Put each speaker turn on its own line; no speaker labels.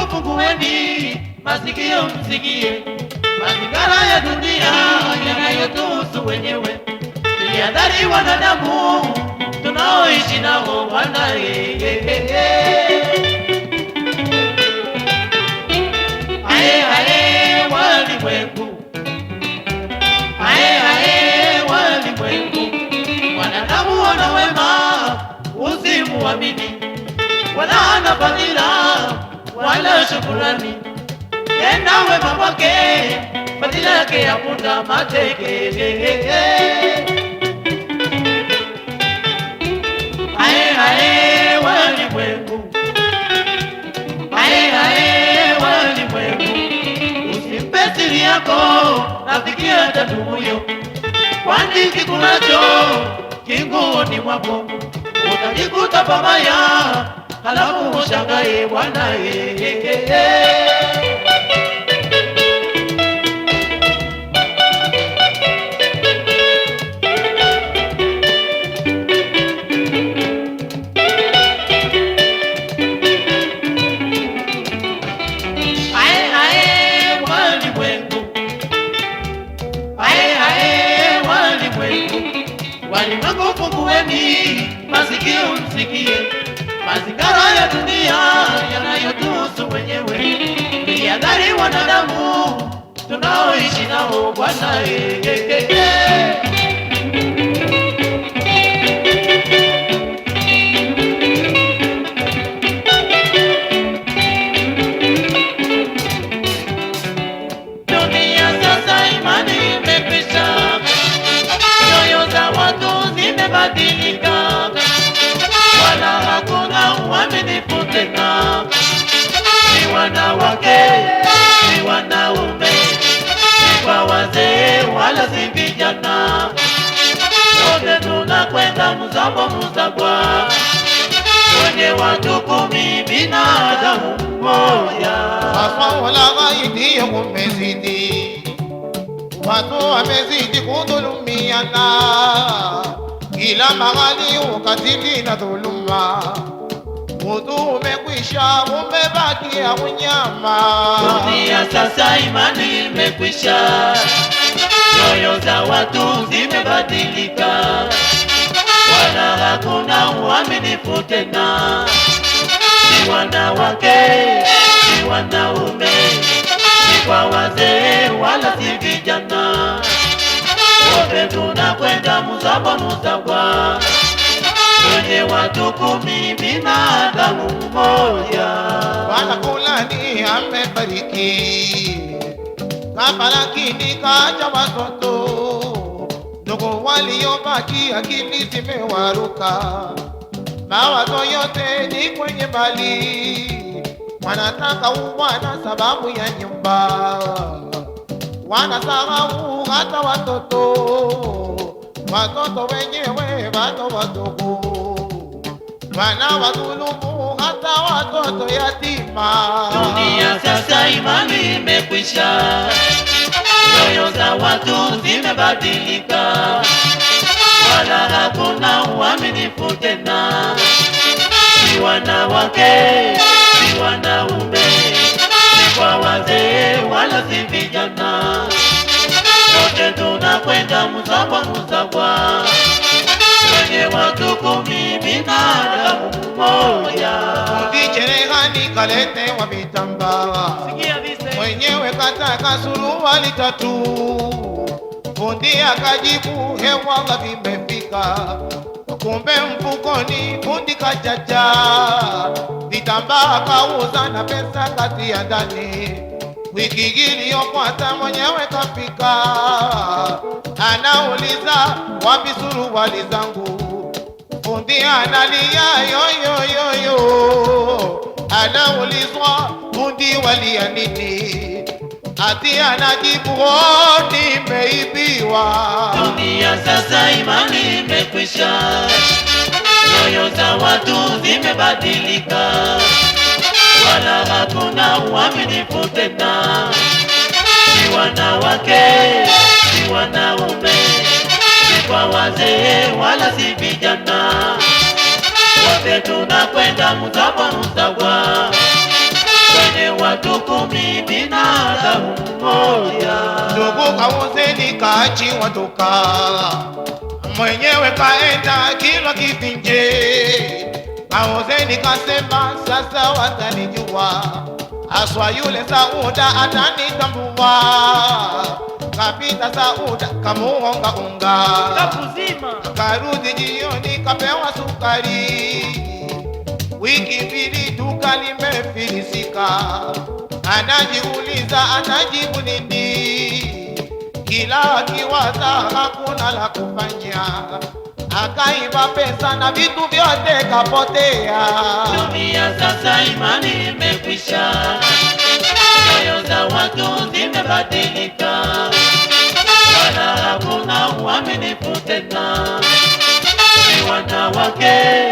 fungueni masikio msikie mazingara ya dunia yanayotuhusu wenyewe, iliadhari wanadamu tunaoishi nao wana wanadamu wanawema usimuamini wala anafanyia wala shukurani. Tena wema wake fadhila yake hakuna matekele. Ae ae walimwengu, ae ae walimwengu, usimpe siri yako rafiki hata nduguyo, kwani kikunacho kinguoni mwako utajikuta pabaya halafu ushangae Bwana walimwengu, walimwengu masikio msikie Mazingara ya dunia yanayotuhusu wenyewe, yadhari wanadamu tunaoishi nao Bwana.
Bwana, wote tunakwenda muzambo muzambwa kwenye watu kumi binadamu moja.
Sasa wala zaidi umezidi, watu wamezidi kudhulumiana kila mahali, ukatili na dhuluma Mutu umekwisha, umebakia unyama.
Dunia sasa imani imekwisha nyoyo za watu zimebadilika, wala hakuna uaminifu tena. Ni wanawake, ni wanaume, ni kwa wazee, wala si vijana, wote tunakwenda mzawa mzawa kwenye watu kumi binadamu mmoja,
wala kulani amebariki Mabaraki nikaja watoto ndugu waliobaki, akili zimewaruka, mawazo yote ni kwenye mali, wanataka ubwana sababu ya nyumba, wanasahau hata watoto, watoto wenyewe bado wadogo wanawadhulumu hata watoto yatima.
Dunia sasa imani imekwisha, nyoyo za watu zimebadilika, wala hakuna uaminifu tena, si wanawake si wanaume, si kwa wazee wala si vijana, wote tunakwenda msawa msawa kwenye watu kumi
Vijerehani kalete wa mwenyewe kataka suruali tatu, fundi akajibu hewala vimefika, kumbe mfukoni fundi kajaja, vitambaa kauza na pesa kati ya ndani Wiki iliyofuata mwenyewe kafika, anauliza wapi suruali zangu? analia yoyoyoyo, anaulizwa mundi walia nini? Ati anajibu oh, nimeibiwa.
Dunia sasa imani imekwisha, nyoyo za watu zimebadilika, wala hakuna uaminifu tena, si wanawake si wanaume kwa wazee wala si vijana, wote tunakwenda mzawa mzawa kwenye watu kumi binadamu mmoja.
Ndugu kauzeni kachi watuka mwenyewe kaenda kila kivinje, kauzeni kasema sasa watanijua, aswa yule Sauda atanitambua kapita Sauda kamuonga unga
kakuzima,
karudi jioni kapewa sukari. Wiki mbili duka limefilisika, anajiuliza anajibu nini? Kila akiwaza hakuna la kufanya, akaiba pesa na vitu vyote kapotea.
Dunia sasa imani imekwisha, nyoyo za watu zimebadilika na uaminifu tena, ni wanawake